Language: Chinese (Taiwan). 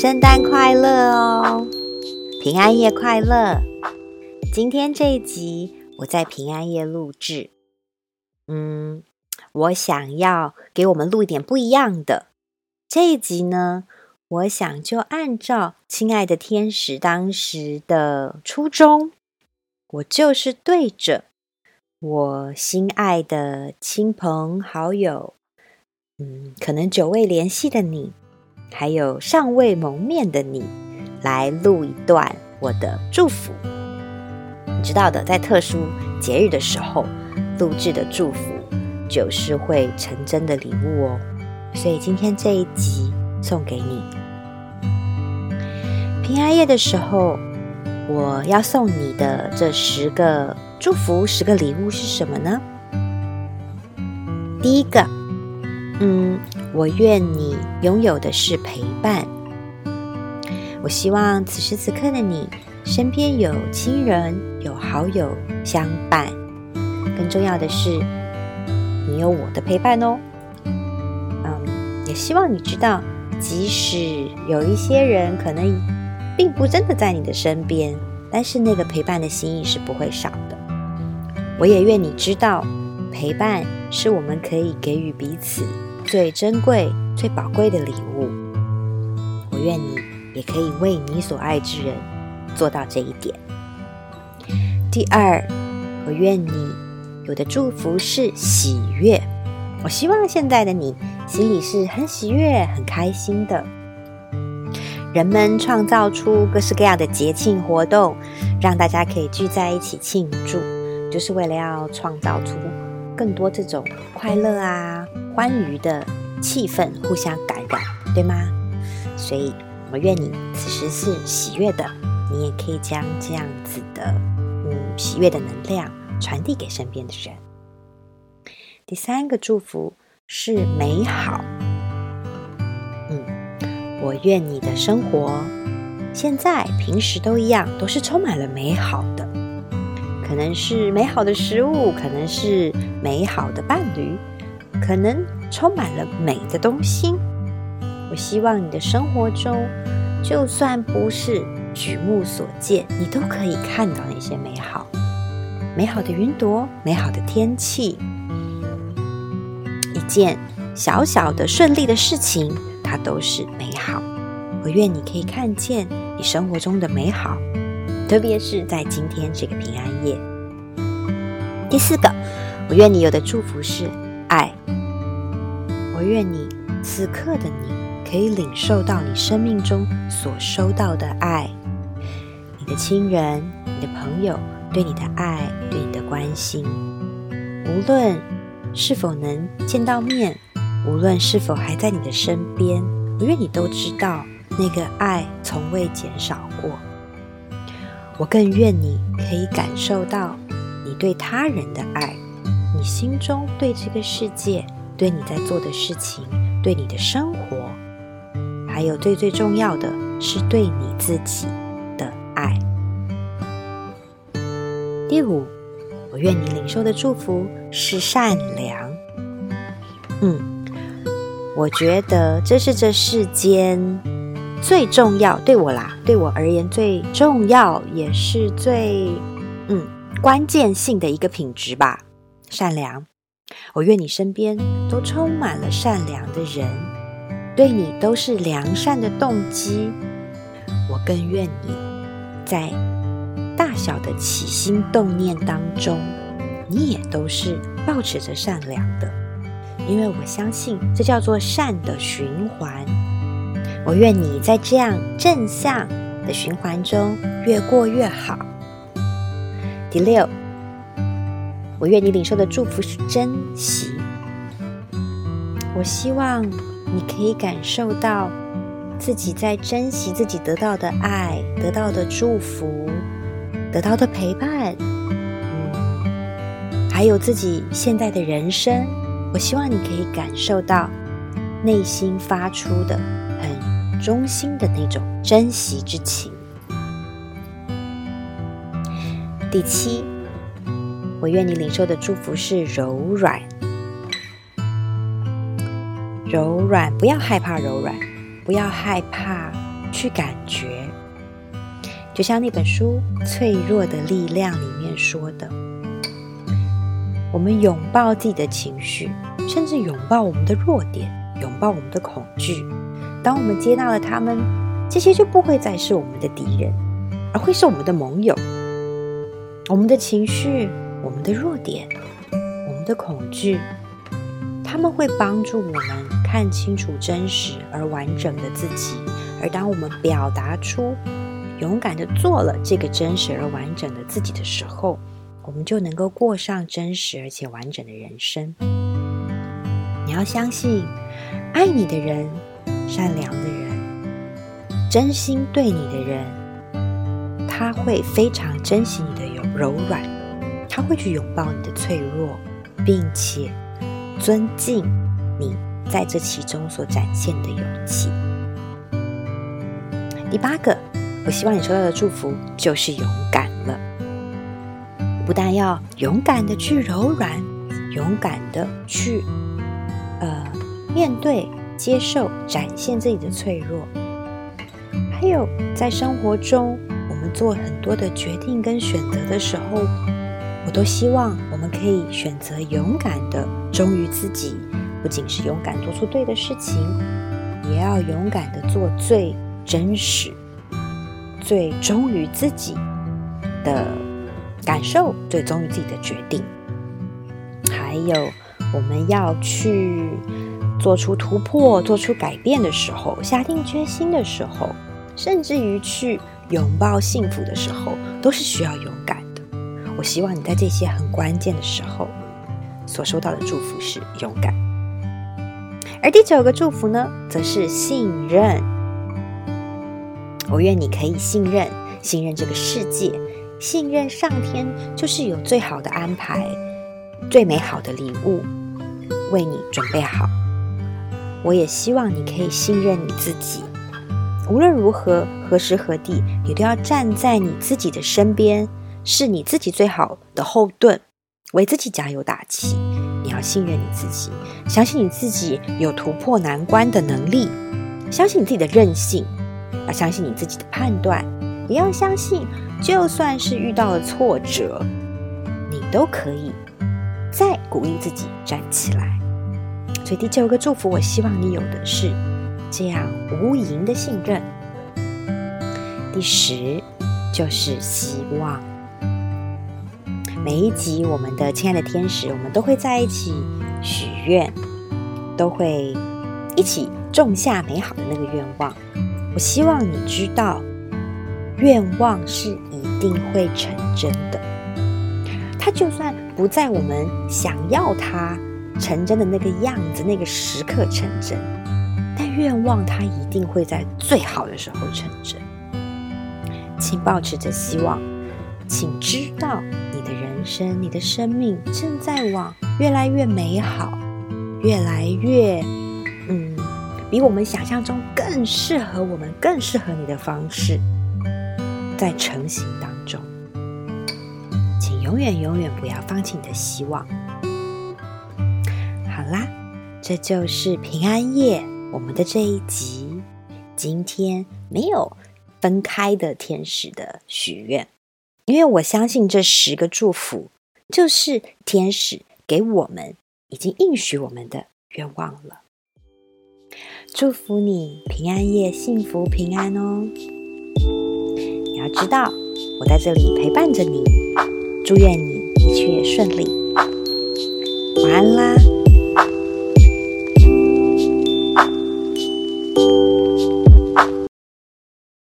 聖誕快樂哦，平安夜快樂！今天這一集我在平安夜錄製，嗯，我想要給我們錄一點不一樣的。這一集呢，我想就按照親愛的天使當時的初衷，我就是對着我心愛的親朋好友，嗯，可能久未聯繫的你。還有尚未蒙面的你，來錄一段我的祝福。你知道的，在特殊節日的時候錄製的祝福，就是會成真的禮物哦。所以今天這一集送給你。平安夜的時候，我要送你的這十個祝福、十個禮物是什麼呢？第一個，嗯。我願你擁有的是陪伴。我希望此時此刻的你身邊有親人、有好友相伴，更重要的是，你有我的陪伴哦。嗯，也希望你知道，即使有一些人可能並不真的在你的身邊，但是那個陪伴的心意是不會少的。我也願你知道，陪伴是我們可以給予彼此。最珍貴、最寶貴的禮物，我願你也可以為你所愛之人做到這一點。第二，我願你有的祝福是喜悅。我希望現在的你心裡是很喜悅、很開心的。人們創造出各式各樣的節慶活動，讓大家可以聚在一起慶祝，就是為了要創造出更多這種快樂啊。歡愉的氣氛互相感染，對嗎？所以我願你此時是喜悅的，你也可以將這樣子的，嗯，喜悅的能量傳遞給身邊的人。第三個祝福是美好。嗯，我願你的生活，現在平時都一樣，都是充滿了美好的，可能是美好的食物，可能是美好的伴侶。可能充滿了美的東西。我希望你的生活中，就算不是舉目所見，你都可以看到那些美好、美好的雲朵、美好的天氣，一件小小的順利的事情，它都是美好。我願你可以看見你生活中的美好，特別是在今天這個平安夜。第四個，我願你有的祝福是。愛，我願你此刻的你，可以領受到你生命中所收到的愛，你的親人、你的朋友對你的愛、對你的關心，無論是否能見到面，無論是否還在你的身邊，我願你都知道那個愛從未減少過。我更願你可以感受到你對他人的愛。你心中對這個世界，對你在做的事情，對你的生活，還有最最重要的是對你自己的愛。第五，我願你領受的祝福是善良。嗯，我覺得這是這世間最重要，對我啦，對我而言最重要，也是最嗯關鍵性的一個品質吧。善良，我願你身邊都充滿了善良的人，對你都是良善的動機。我更願你在大小的起心動念當中，你也都是保持着善良的，因為我相信這叫做善的循環。我願你在這樣正向的循環中越過越好。第六。我願你領受的祝福是珍惜。我希望你可以感受到自己在珍惜自己得到的愛、得到的祝福、得到的陪伴，嗯、還有自己現在的人生。我希望你可以感受到內心發出的很衷心的那種珍惜之情。第七。我願你領受的祝福是柔軟，柔軟。不要害怕柔軟，不要害怕去感覺。就像那本書《脆弱的力量》裡面說的：“我們擁抱自己的情緒，甚至擁抱我們的弱點，擁抱我們的恐懼。當我們接納了他們，這些就不會再是我們的敵人，而會是我們的盟友。我們的情緒。”我們的弱點，我們的恐懼，他們會幫助我們看清楚真實而完整的自己。而當我們表達出勇敢地做了這個真實而完整的自己的時候，我們就能夠過上真實而且完整的人生。你要相信，愛你的人、善良的人、真心對你的人，他會非常珍惜你的柔柔軟。他會去擁抱你的脆弱，並且尊敬你在這其中所展現的勇氣。第八個，我希望你收到的祝福就是勇敢了。不但要勇敢的去柔軟，勇敢的去呃面對、接受、展現自己的脆弱，還有在生活中，我們做很多的決定跟選擇的時候，我都希望我們可以選擇勇敢的忠於自己，不僅是勇敢做出對的事情，也要勇敢的做最真實、最忠於自己的感受，最忠於自己的決定。還有，我們要去做出突破、做出改變的時候，下定決心的時候，甚至於去擁抱幸福的時候，都是需要勇敢。我希望你在這些很關鍵的時候所收到的祝福是勇敢，而第九個祝福呢，則是信任。我願你可以信任，信任這個世界，信任上天就是有最好的安排，最美好的禮物為你準備好。我也希望你可以信任你自己，無論如何，何時何地，你都要站在你自己的身邊，是你自己最好的後盾，為自己加油打氣。你要信任你自己，相信你自己有突破難關的能力，相信你自己的韌性，要相信你自己的判斷，你要相信，就算是遇到了挫折，你都可以再鼓勵自己站起來。所以，第九個祝福，我希望你有的是這樣無垠的信任。第十就是希望。每一集，我們的親愛的天使，我們都會在一起許願，都會一起種下美好的那個願望。我希望你知道，願望是一定會成真的。它就算不在我們想要它成真的那個樣子、那個時刻成真，但願望它一定會在最好的時候成真。請保持着希望，請知道。生，你的生命正在往越來越美好，越來越，嗯，比我們想象中更適合我們、更適合你的方式，在成型當中。請永遠、永遠不要放棄你的希望。好啦，這就是平安夜，我們的這一集，今天沒有分開的天使的許願。因為我相信這十個祝福就是天使給我們已經應許我們的願望了。祝福你平安夜幸福平安哦！你要知道，我在這裡陪伴着你，祝願你一切順利。晚安啦！